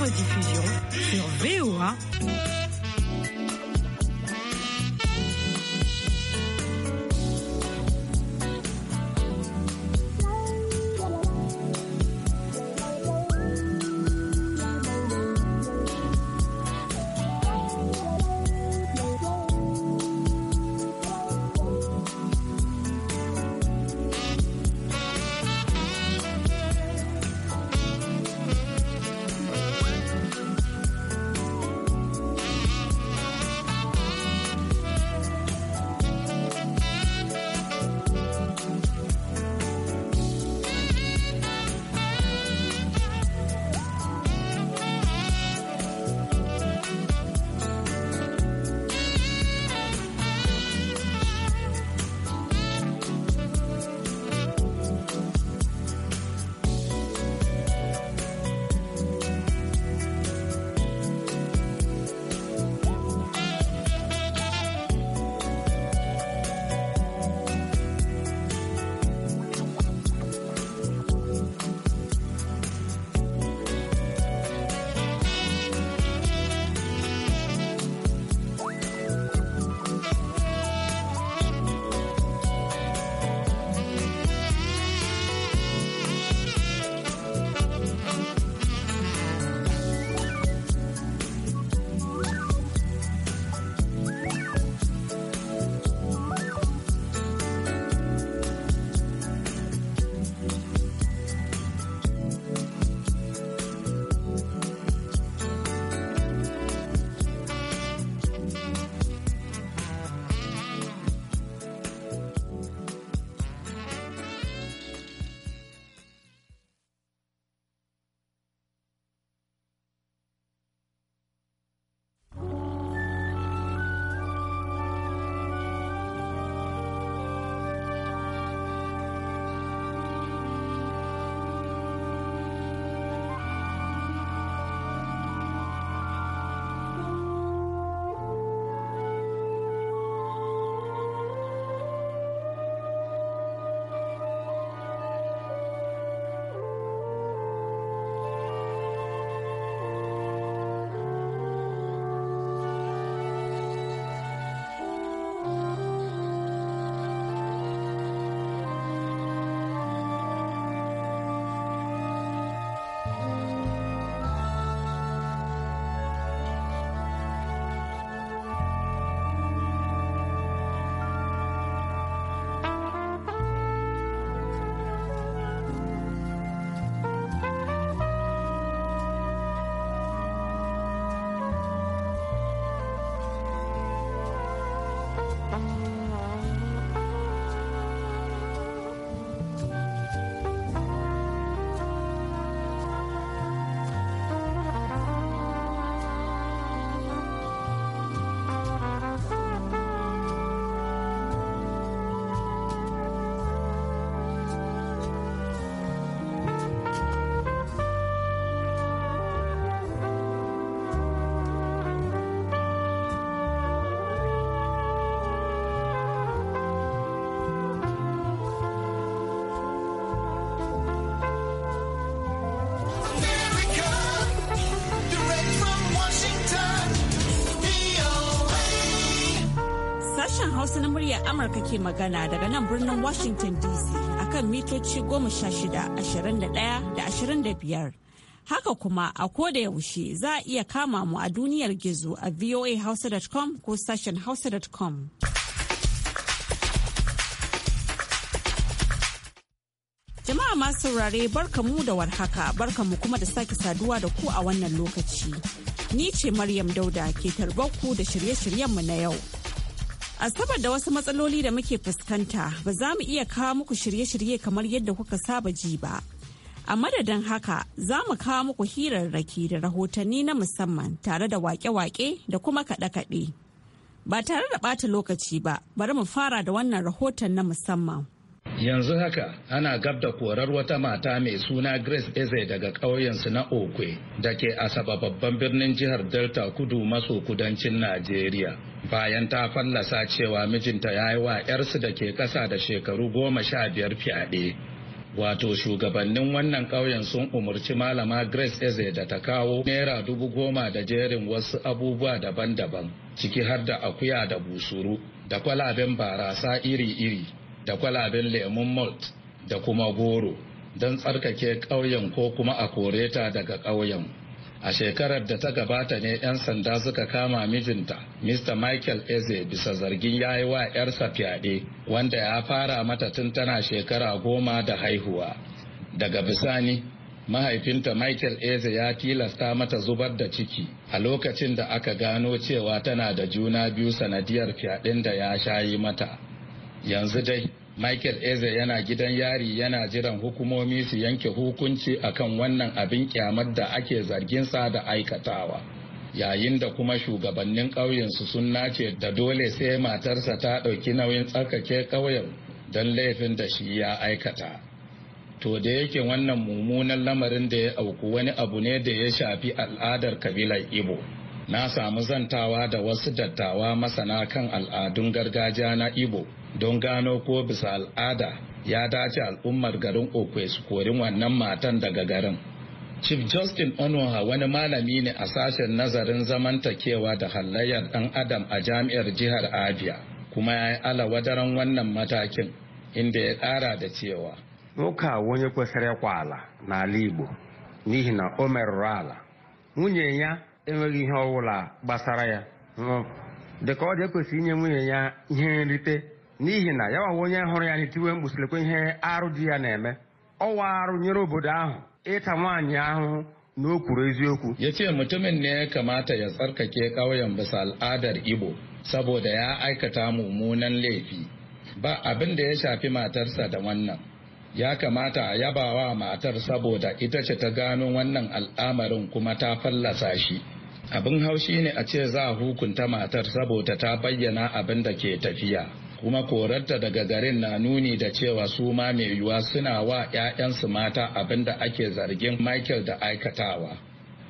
rediffusion sur VOA. Hausa na muryar Amurka ke magana daga nan birnin Washington DC akan mitoci goma sha shida, ashirin da ɗaya da ashirin da biyar. Haka kuma a koda yaushe za a iya kama mu a duniyar gizo a voahausa.com ko sashen hausa.com. Jama'a masu saurare barkamu da warhaka barkamu kuma da sake saduwa da ku a wannan lokaci. Ni ce Maryam Dauda ke tarbarku da shirye-shiryenmu na yau. asabar da wasu matsaloli da muke fuskanta ba za mu iya kawo muku shirye-shirye kamar yadda kuka saba ji ba. A madadin haka za mu kawo muku hirarraki da rahotanni na musamman tare da wake-wake da kuma kaɗe-kaɗe. Ba tare da ɓata lokaci ba, bari mu fara da wannan rahoton na musamman. yanzu haka ana gab da korar wata mata mai suna grace eze daga ƙauyensu na okwe da ke asaba babban birnin jihar delta kudu maso kudancin najeriya bayan ta fallasa cewa mijinta ya yi wa 'yarsu da ke ƙasa da shekaru goma sha biyar fyaɗe wato shugabannin wannan ƙauyen sun umarci malama grace eze da ta kawo naira dubu goma da jerin wasu abubuwa daban-daban ciki har da akuya da busuru da kwalaben barasa iri-iri da kwalaben lemon malt da kuma goro don tsarkake ƙauyen ko kuma a kore ta daga ƙauyen. A shekarar da ta gabata ne 'yan sanda suka kama mijinta, Mr. Michael Eze bisa zargin ya yi wa 'yarsa fyaɗe, wanda ya fara mata tun tana shekara goma da haihuwa. Daga bisani, mahaifinta Michael Eze ya tilasta mata zubar da ciki a lokacin da aka gano cewa tana da juna biyu sanadiyar fyaɗen da ya shayi mata. yanzu dai michael eze yana gidan yari yana jiran hukumomi su yanke hukunci akan wannan abin kyamar da ake zarginsa da aikatawa yayin da kuma shugabannin ƙauyensu sun nace da dole sai matarsa ta ɗauki nauyin tsarkake ƙauyen don laifin da shi ya aikata to da yake wannan mummunan lamarin da ya auku wani abu ne da ya shafi al'adar kabilar ibo na samu zantawa da wasu dattawa masana kan al'adun gargajiya na ibo don gano ko bisa al'ada ya dace al'ummar garin okwe su kori wannan matan daga garin chief justin onoha wani malami ne a sashen nazarin zamantakewa da halayyar dan adam a jami'ar jihar abia kuma ya yi alawadaran wannan matakin inda ya ƙara da cewa nwoke wani onye kwala na ala n'ihi na Omer Rala, nwunye ya enweghị ihe ọwụla gbasara ya dịka ọ dị ekwesịrị inye nwunye ya ihe nrite n'ihi na ya nwa onye hụrụ ya n'itiwe mkpu ihe arụ dị ya na-eme ọwa arụ nyere obodo ahụ ịta nwaanyị ahụhụ na o kwuru eziokwu ya ce mutumin ne ya kamata ya tsarkake ƙauyen bisa al'adar igbo saboda ya aikata mummunan laifi ba abin da ya shafi matarsa da wannan ya kamata a yabawa matar saboda ita ce ta gano wannan al'amarin kuma ta fallasa shi abin haushi ne a ce za a hukunta matar saboda ta bayyana abin da ke tafiya kuma korarta daga garin na nuni da cewa su ma mai yiwuwa suna wa 'ya'yansu mata abin da ake zargin michael da aikatawa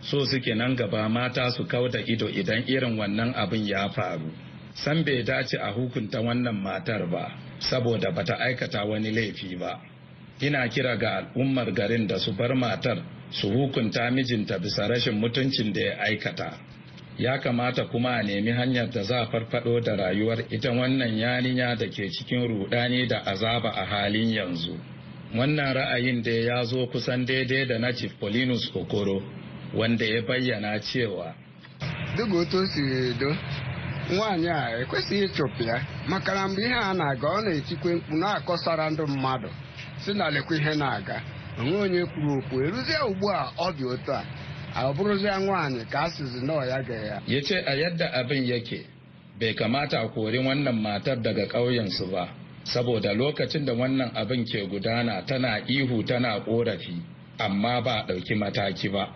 so suke nan gaba mata su kauda ido idan irin wannan abin ya faru san bai dace a hukunta wannan matar ba saboda bata aikata wani laifi ba ina kira ga al'ummar garin da su bar matar su hukunta mijinta bisa rashin mutuncin da ya aikata ya kamata kuma a nemi hanyar da za a farfado da rayuwar ita wannan yarinya da ke cikin rudani da azaba a halin yanzu wannan ra'ayin da ya zo kusan daidai da na chief polinus okoro wanda ya bayyana cewa duk otu siri do nwaanyị a ekwesịghị ịchụpụ ya maka na mgbe ihe a na-aga ọ na-etikwe mkpu na-akọsara ndị mmadụ si na lekwa ihe na-aga onwe onye kwuru okwu eruzie ugbu a ọ dị otu a a ya a ya gaya. ya ce a yadda abin yake bai kamata a kori wannan matar daga ƙauyensu ba saboda lokacin da wannan abin ke gudana tana ihu tana korafi amma ba a ɗauki mataki ba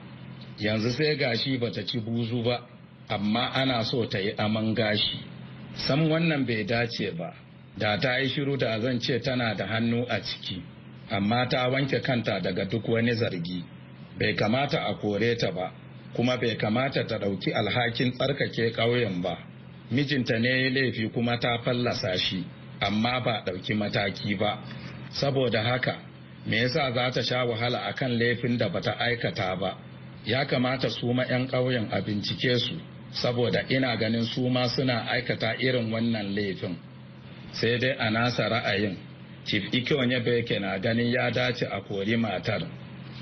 yanzu sai gashi ba ta ci buzu ba amma ana so ta yi aman gashi san wannan bai dace ba da ta yi shiru da zan ce tana da hannu a ciki amma ta wanke kanta daga duk wani zargi bai kamata a kore ta ba kuma bai kamata ta ɗauki alhakin tsarkake ƙauyen ba mijinta ne ya laifi kuma ta fallasa shi amma ba ɗauki mataki ba saboda haka me yasa za ta sha wahala akan laifin da bata aikata ba ya kamata su ma 'yan ƙauyen a bincike su saboda ina ganin su ma suna aikata irin wannan laifin sai dai a nasa ra'ayin chief ikonye beke na ganin ya dace a kori matar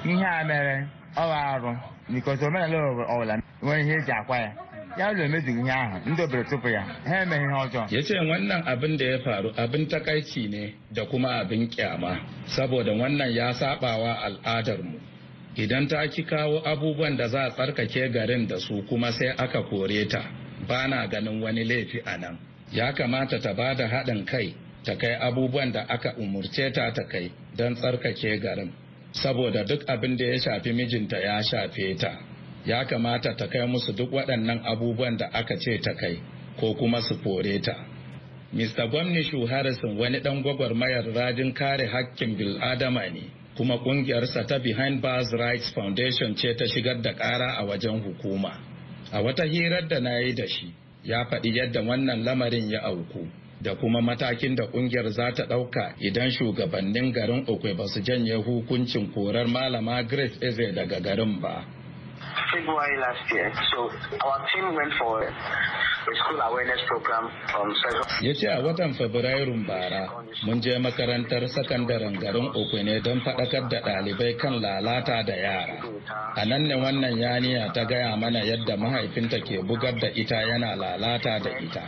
ihe a mere ọwa arụ because omenala ọbụla nwere ihe eji akwa ya ya ụlọ emezighị ihe ahụ ndị obere tupu ya ha emeghị ihe ọjọọ ya ce wannan abin da ya faru abin takaici ne da kuma abin kyama saboda wannan ya sabawa al'adarmu idan ta ki kawo abubuwan da za a tsarkake garin da su kuma sai aka kore ta ba na ganin wani laifi a nan ya kamata ta ba da haɗin kai ta kai abubuwan da aka umurce ta ta kai don tsarkake garin saboda duk abin da ya shafi mijinta ya shafe ta ya kamata ta kai musu duk waɗannan abubuwan da aka ce ta kai ko kuma su fore ta mr gwamnishu harrison wani ɗan gwagwarmayar rajin kare hakkin bil'adama ne kuma ƙungiyarsa ta behind bars rights foundation ce ta shigar da ƙara a wajen hukuma a wata hirar da na yi da shi ya faɗi yadda wannan lamarin ya auku da kuma matakin da kungiyar za ta ɗauka idan shugabannin garin Okwe ba su janye hukuncin korar malama Grace Eze daga garin ba. February last year. So our team went for a school awareness program Ya ce a watan Fabrairun bara mun je makarantar sakandaren garin Okune don faɗakar da ɗalibai kan lalata da yara. A nan ne wannan yaniya ta gaya mana yadda mahaifinta ke bugar da ita yana lalata da ita.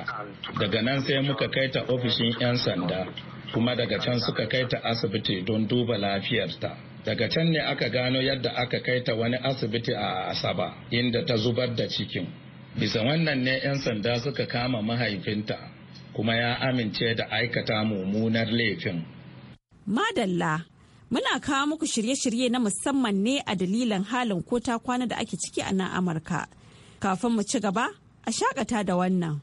Daga nan sai muka kai ta ofishin 'yan sanda kuma daga can suka kai ta asibiti don duba lafiyarta. daga can ne aka gano yadda aka kai ta wani asibiti a asaba inda ta zubar da cikin bisa wannan ne 'yan sanda suka kama mahaifinta kuma ya amince da aikata mummunar laifin madalla muna kawo muku shirye-shirye na musamman ne a dalilin halin ko ta kwana da ake ciki a nan amurka kafin mu ci gaba a shakata da wannan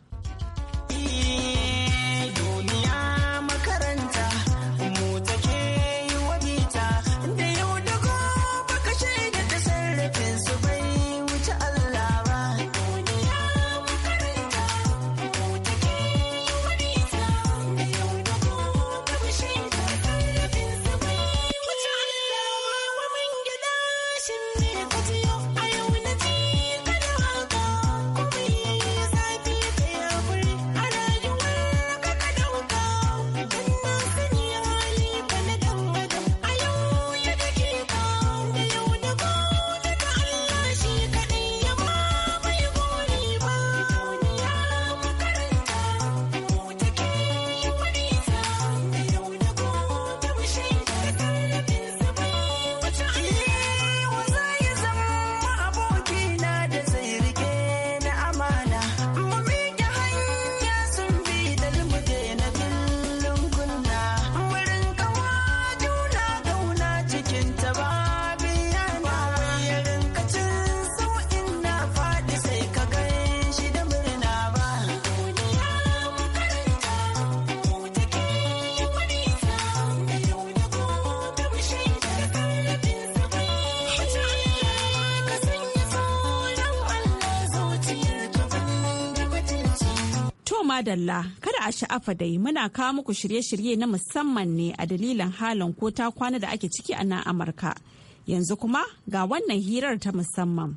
madalla kada a sha'afa dai muna kawo muku shirye-shirye na musamman ne a dalilin halin ko ta kwana da ake ciki a nan Amurka. Yanzu kuma ga wannan hirar ta musamman.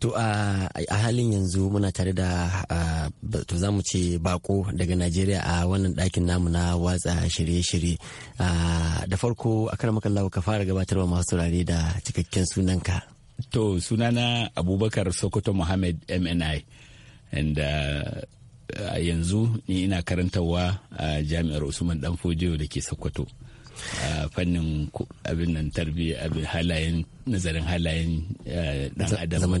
To a halin yanzu muna tare da to za mu ce bako daga Najeriya a wannan ɗakin namu na watsa shirye-shirye. Da farko a kan makallawa ka fara gabatarwa masu saurare da cikakken sunanka. To sunana Abubakar Sokoto Muhammad MNI. And uh, a yanzu ni ina karantarwa a jami'ar usman dan fojiyo da ke sokoto a fannin abin nan tarbi abin halayen nazarin halayen eh, dan adam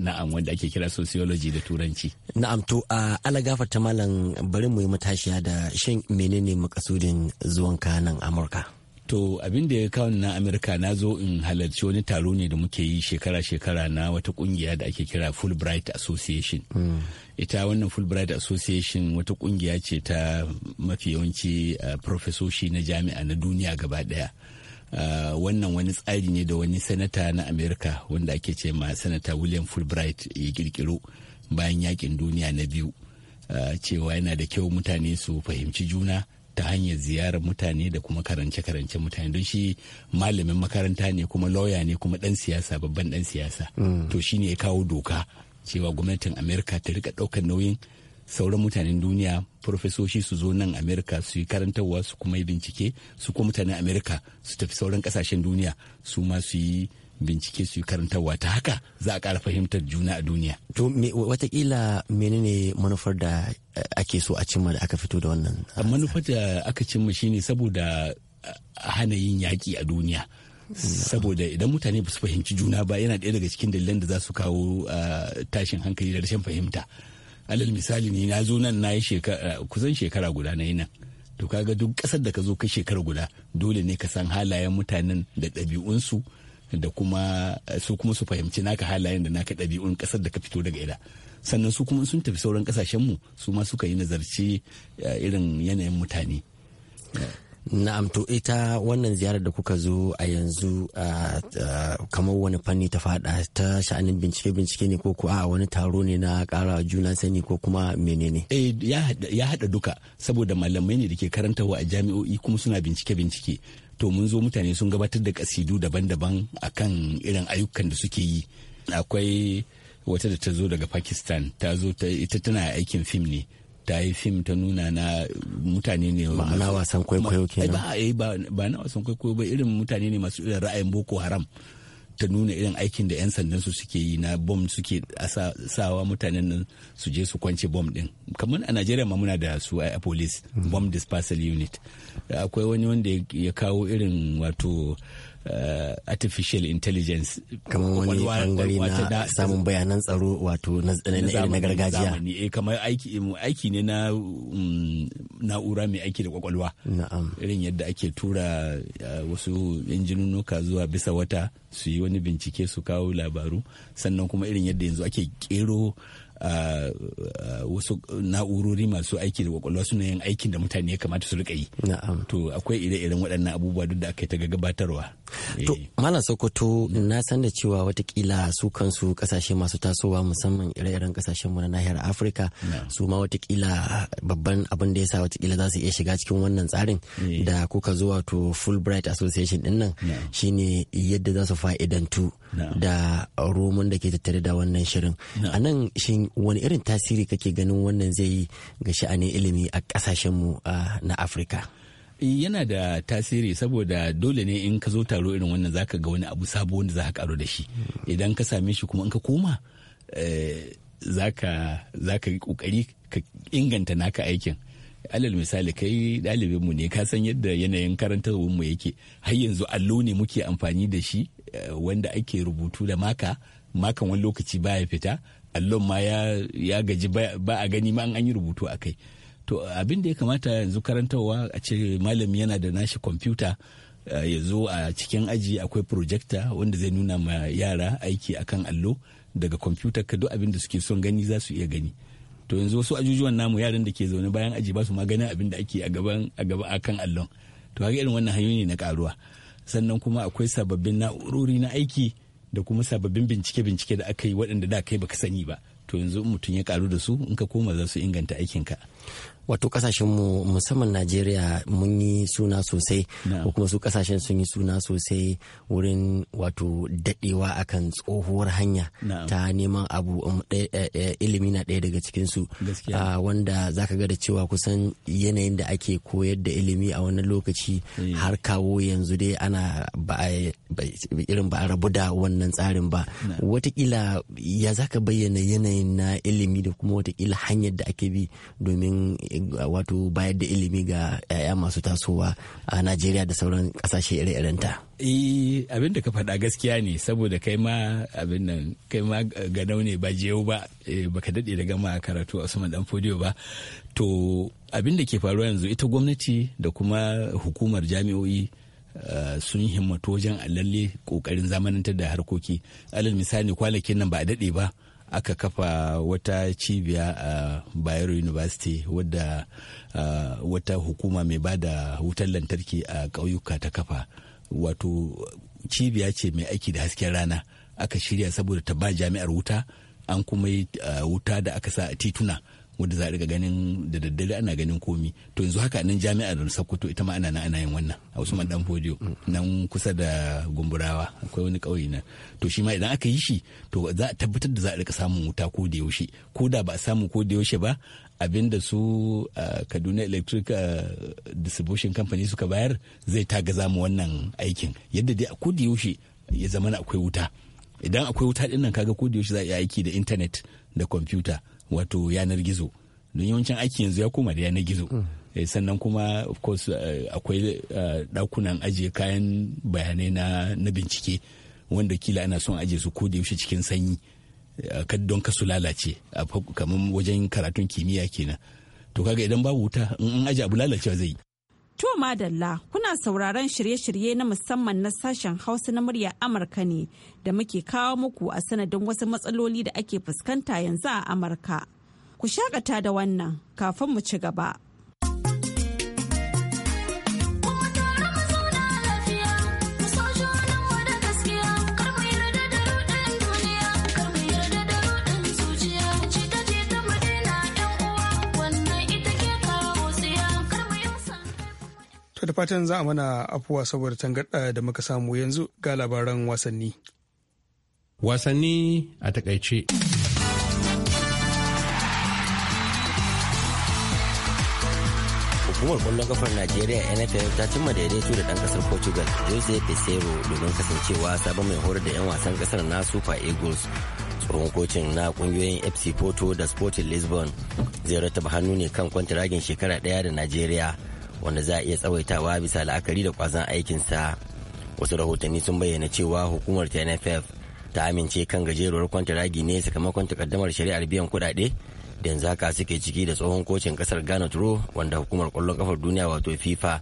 na'am wanda ake kira sociology da turanci na'am to a alagafar ta malam bari mu yi matashiya da shin menene makasudin zuwan kanan amurka To abin da ya kawo na Amurka na zo in halarci wani taro ne da muke yi shekara-shekara na wata kungiya da ake kira Fulbright Association. Mm. Ita wannan Fulbright Association wata kungiya ce ta mafi yawanci uh, profesoshi na jami'a na duniya gaba daya. Uh, wannan wani tsari ne da wani sanata na Amerika wanda ake ce ma sanata William Fulbright ya kirkiro bayan yakin duniya na biyu. Uh, cewa yana da kyau mutane su fahimci juna. ta hanyar ziyarar mutane da kuma karance-karance mutane don shi malamin makaranta ne kuma lauya ne kuma dan siyasa babban dan siyasa mm. to shi ne ya kawo doka cewa gwamnatin amerika ta rika daukar nauyin sauran mutanen duniya farfesoshi su zo nan amerika su yi karantarwa su kuma yi bincike su kuma mutanen amerika su tafi sauran kasashen duniya su ma su yi bincike su karantarwa ta haka za a ƙara fahimtar juna a duniya. To watakila menene manufar da eh, ake so a cimma da aka fito da wannan? Ah, manufar da aka cimma shine saboda ah, hana yin yaƙi a duniya. saboda idan mutane ba su fahimci juna ba yana ɗaya daga cikin dalilan da za su kawo ah, tashin hankali da rashin fahimta alal misali ne na zo nan na yi eh, kusan shekara guda na yi nan to kaga duk ƙasar da ka zo ka shekara guda dole ne ka san halayen mutanen da ɗabi'unsu da kuma eh, su kuma su fahimci naka halayen da naka ɗabi'un ƙasar da ka fito daga ida sannan su kuma sun tafi sauran ƙasashenmu su ma suka yi nazarci eh, irin yanayin mutane Na'am to ita wannan ziyarar da kuka zo a yanzu kamar wani fanni ta fada ta sha'anin bincike-bincike ne ko kuwa wani taro ne na kara juna sani ko kuma menene? Eh ya hada duka saboda malamai ne da ke karantarwa a jami'o'i kuma suna bincike-bincike to mun zo mutane sun gabatar da kasidu daban-daban a kan irin ayyukan da suke yi akwai wata da ta zo daga pakistan ta zo ita tana aikin fim ne ta yi fim ta nuna na mutane ne ma'ana wasan kwaikwayo kenan ba ba na wasan kwaikwayo ba irin mutane ne masu irin ra'ayin boko haram ta nuna irin aikin da 'yan sandan su suke yi na bom suke sawa mutanen nan su je su kwance bom din kamar a najeriya ma muna da su a police bom dispersal unit akwai wani wanda ya kawo irin wato uh, artificial intelligence kamar wani bangare na samun bayanan tsaro wato na na gargajiya eh kamar aiki eh, aiki ne na mm, na'ura mai aiki da kwakwalwa na'am irin yadda ake tura uh, wasu injinunuka zuwa bisa wata su yi wani bincike su kawo labaru sannan kuma irin yadda yanzu ake kero Uh, uh wasu na'urori masu aiki da kwakwalwa suna yin aikin da mutane ya kamata su rika yi. To akwai ire-iren waɗannan abubuwa duk da aka yi ta gabatarwa. Eh. To Malam Sokoto na san da cewa watakila su kansu kasashe masu tasowa musamman ire-iren kasashen na nahiyar Afirka su ma watakila babban abin da ya sa watakila za su iya shiga cikin wannan tsarin eh. da kuka zuwa to Fulbright Association din nan shine yadda za su fa'idantu da roman da ke tattare da wannan shirin. A nan shi wani irin tasiri kake ganin wannan zai yi ga sha'anin ilimi a kasashenmu na Afirka? Eh, yana da tasiri saboda dole ne in ka zo taro irin wannan zaka ga wani abu sabo wanda za ka karo da shi idan ka same shi kuma in ka koma eh, zaka yi kokari ka inganta naka aikin alal misali kai ɗalibin mu ne ka san yadda yanayin karantarwar mu yake har yanzu allo ne muke amfani da shi eh, wanda ake rubutu da maka makan wani lokaci baya fita allon ma ya gaji ba a gani ma an yi rubutu a kai to abin da ya kamata yanzu karantarwa a ce malami yana da nashi kwamfuta eh, yanzu a cikin aji akwai projector wanda zai nuna ma yara aiki akan allo daga kwamfuta ka duk abin da suke son gani za su iya gani to yanzu wasu ajujuwan namu yaran da ke zaune bayan aji ba su ma ganin abin da ake a gaban a gaba akan allon to haka irin wannan hanyoyi ne na karuwa sannan kuma akwai sababbin na'urori na aiki da kuma sababbin bincike-bincike da aka yi waɗanda da kai baka sani ba to yanzu mutum ya karu da su in ka koma za su inganta aikinka wato kasashen mu musamman najeriya mun yi suna sosai ko kuma su kasashen sun yi suna sosai wurin wato dadewa akan tsohuwar hanya ta neman abu um, ilimi na ɗaya daga cikin su ah, wanda zaka ga da cewa kusan yanayin da ake koyar da ilimi a wannan lokaci eh. har kawo yanzu dai ana irin ba rabu da wannan tsarin ba watakila ya zaka bayyana yanayin na ilimi da kuma watakila hanyar da ake bi domin Uh, wato bayar da ilimi ga 'ya'ya masu tasowa a najeriya da sauran kasashe ire ta e, abin da ka faɗa gaskiya ne saboda kai ma abin nan kai ma ganau ne ba jiyau ba e, baka daɗe da gama karatu a Usman dan fodiyo ba to abin da ke faruwa yanzu ita gwamnati da kuma hukumar jami'o'i uh, sun himmatu wajen lalle kokarin zamanantar da harkoki alal misali kwanakin nan ba a daɗe ba aka kafa wata cibiya a bayero university wadda wata hukuma mai ba da wutar lantarki a ƙauyuka ta kafa wato cibiya ce mai aiki da hasken rana aka shirya saboda ta ba jami'ar wuta an kuma yi wuta da aka sa a tituna wanda za a riga ganin da daddare ana ganin komi to yanzu haka nan jami'ar Sokoto ita ma ana nan ana yin wannan a Usman Dan Fodio nan kusa da Gumburawa akwai wani kauye na to shi ma idan aka yi shi to za a tabbatar da za a rika samun wuta ko da yaushe ko da ba a samu ko da yaushe ba abinda su kaduna electric distribution company suka bayar zai tagaza mu wannan aikin yadda dai a da yaushe ya zama akwai wuta idan akwai wuta din nan kaga da yaushe za a yi aiki da intanet da kwamfuta wato yanar gizo don yawancin aiki yanzu ya koma da yanar gizo hmm. eh, sannan kuma of course eh, akwai dakunan eh, ajiye kayan bayanai na bincike wanda kila ana son ajiye su ko da yaushe cikin sanyi don kasu lalace kamar wajen karatun kimiyya kenan to kaga idan babu wuta in an aji abu lalacewa zai To Madalla, kuna sauraron shirye-shirye na musamman na sashen Hausa na murya Amurka ne da muke kawo muku a sanadin wasu matsaloli da ake fuskanta yanzu a Amurka. Ku shakata da wannan kafin mu ci gaba. fatan za a mana afuwa saboda tangarɗa da muka samu yanzu ga labaran wasanni. Wasanni a takaice. hukumar kwallon kafar najeriya nfl ta cimma daidaito da ɗan ƙasar portugal jose pesero domin kasancewa sabon mai horar da 'yan wasan ƙasar na super eagles tsohon kocin na ƙungiyoyin fc porto da sporting lisbon zai rattaba hannu ne kan kwantiragin shekara ɗaya da najeriya wanda za a iya tsawaitawa bisa la'akari da kwazon aikinsa wasu rahotanni sun bayyana cewa hukumar tnff ta amince kan gajeruwar kwanta ragi ne sakamakon takaddamar shari'ar biyan kudade da yanzu haka suke ciki da tsohon kocin kasar ghana turo wanda hukumar kwallon kafar duniya wato fifa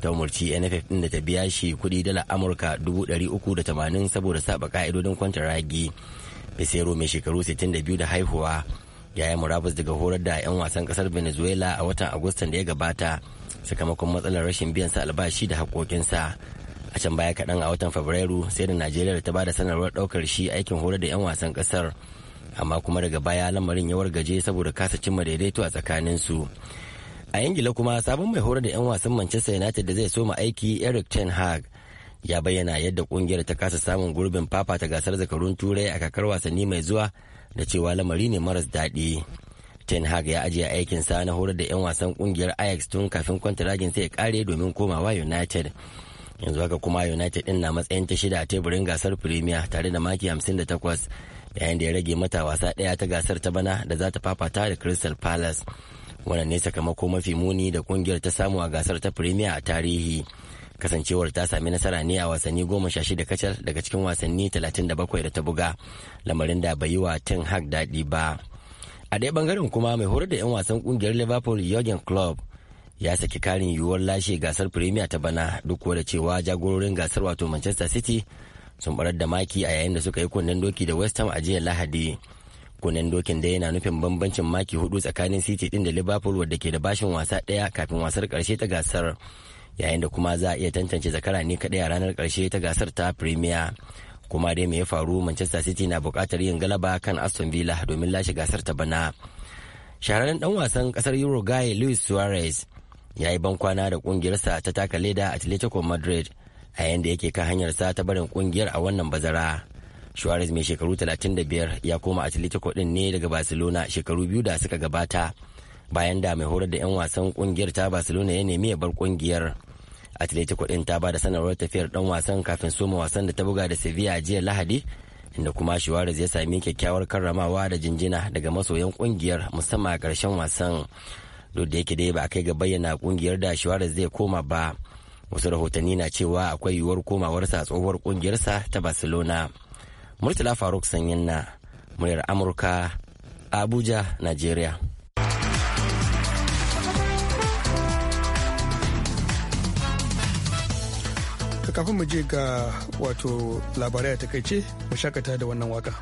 ta umarci nff din da ta biya shi kuɗi dala amurka 380 saboda saba ka'idodin kwanta ragi pesero mai shekaru 62 da haihuwa ya yi murabus daga horar da 'yan wasan kasar venezuela a watan agustan da ya gabata sakamakon matsalar rashin biyan sa albashi da haƙoƙinsa a can baya kaɗan a watan fabrairu sai da najeriya ta ba da sanarwar ɗaukar shi aikin horar da 'yan wasan ƙasar amma kuma daga baya lamarin ya wargaje saboda kasa cimma daidaito a tsakaninsu a ingila kuma sabon mai horar da 'yan wasan manchester united da zai soma aiki eric ten hag ya bayyana yadda kungiyar ta kasa samun gurbin fafata gasar zakarun turai a kakar wasanni mai zuwa da cewa lamari ne maras daɗi Ten Hag ya ajiye aikinsa na horar da 'yan wasan kungiyar Ajax tun kafin kwantaragin sai ya kare domin komawa United. Yanzu haka kuma United din na matsayin ta shida a teburin gasar Premier tare da maki 58 yayin da ya rage mata wasa ɗaya ta gasar ta bana da za ta fafata da Crystal Palace. Wannan ne sakamako mafi muni da kungiyar ta samu a gasar ta Premier a tarihi. kasancewar ta sami nasara ne a wasanni goma sha shida kacal daga cikin wasanni talatin da bakwai da ta buga lamarin da bai yi wa tin hag daɗi ba a ɗaya bangaren kuma mai horar da 'yan wasan kungiyar liverpool jurgen club ya saki karin yiwuwar lashe gasar premier ta bana duk da cewa jagororin gasar wato manchester city sun barar da maki a yayin da suka yi kunnen doki da west ham a jiya lahadi kunnen dokin da yana nufin bambancin maki hudu tsakanin city din da liverpool wadda ke da bashin wasa ɗaya kafin wasar karshe ta gasar yayin da kuma za a iya tantance zakara ne kaɗai a ranar karshe ta gasar ta premier kuma dai me ya faru manchester city na bukatar yin galaba kan aston villa domin lashe gasar ta bana shahararren dan wasan kasar uruguay luis suarez ya yi bankwana da kungiyarsa ta taka leda atletico madrid a yadda yake kan hanyarsa ta barin kungiyar a wannan bazara suarez mai shekaru 35 ya koma atletico din ne daga barcelona shekaru biyu da suka gabata bayan da mai horar da 'yan wasan kungiyar ta barcelona ya nemi ya bar kungiyar atletico din ta bada sanarwar tafiyar dan wasan kafin soma wasan da ta buga da sevilla jiya lahadi inda kuma Suarez ya sami kyakkyawar karramawa da jinjina daga masoyan kungiyar musamman a karshen wasan duk da yake dai ba a kai ga bayyana kungiyar da Suarez zai koma ba wasu rahotanni na cewa akwai yiwuwar komawarsa tsohuwar kungiyarsa ta Barcelona Murtala Faruk Sanyin na muryar Amurka Abuja Nigeria kafin mu je ga wato labarai a takaice mu shakata da wannan waka.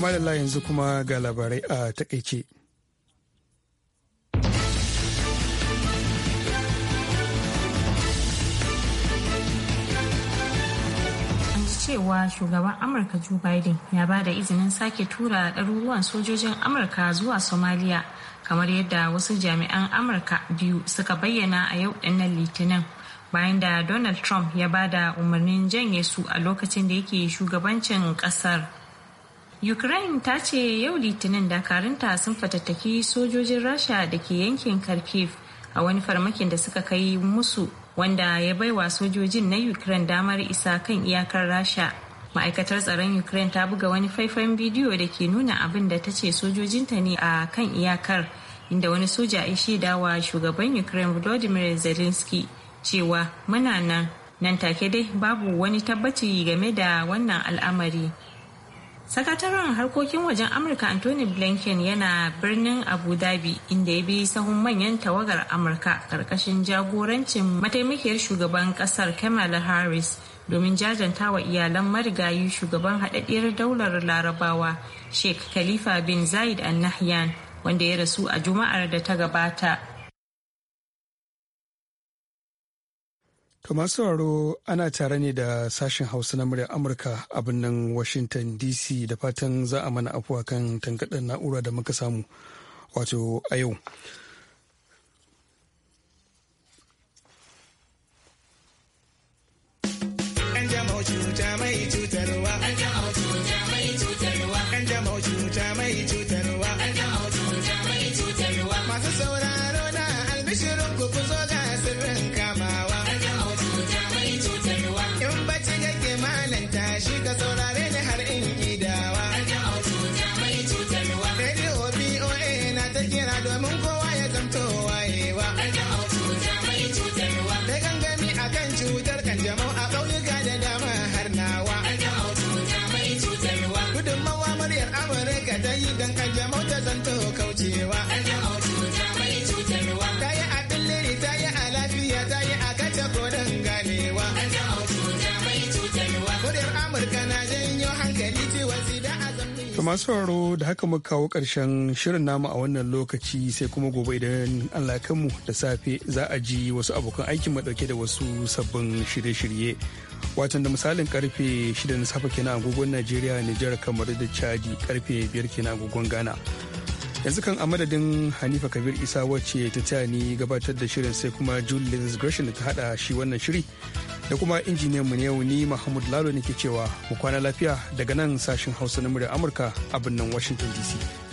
da yanzu kuma ga labarai a takaice. cewa shugaban amurka joe biden ya ba da izinin sake tura ɗaruruwan sojojin amurka zuwa somalia kamar yadda wasu jami'an amurka biyu suka bayyana a yau ɗinnan litinin bayan da donald trump ya ba da umarnin janye su a lokacin da yake shugabancin ƙasar ukraine ta ce yau litinin dakarunta sun fatattaki sojojin rasha da ke yankin kharkiv a wani farmakin da suka kai musu wanda ya baiwa sojojin na ukraine damar isa kan iyakar rasha ma'aikatar tsaron ukraine ta buga wani faifan bidiyo da ke nuna abin da ta ce sojojinta ne a kan iyakar inda wani soja ya wa shugaban ukraine volodymyr zelensky cewa muna nan nan take dai babu wani tabbaci game da wannan al'amari sakataren harkokin wajen amurka anthony blinken yana birnin abu dhabi inda ya bi sahun manyan tawagar amurka karkashin jagorancin mataimakiyar shugaban kasar kamala harris domin jajanta wa iyalan marigayi shugaban haɗaɗɗiyar daular larabawa sheikh khalifa bin zaid al nahyan wanda ya rasu a juma'ar da ta gabata To masu sauraro ana tare ne da sashen Hausa na muryar Amurka a birnin Washington DC da fatan za a mana afuwa kan tankaɗar na'ura da muka samu wato a yau. cuta mai cutarwa. To masu sauraro da haka muka kawo ƙarshen shirin namu a wannan lokaci sai kuma gobe idan Allah ya kanmu da safe za a ji wasu abokan aikin mu dauke da wasu sabbin shirye-shirye. Watan da misalin karfe 6 na safe kenan agogon Najeriya, Nijar, kamar da Chadi karfe 5 kenan agogon Ghana. yanzu kan a hanifa kabir isa wacce ta taya ni gabatar da shirin sai kuma julius gresham da ta hada shi wannan shiri da kuma injiniyan mu yau ni Mahmud Lalo ne ke cewa mu kwana lafiya daga nan sashin Hausa na murya Amurka a birnin Washington DC.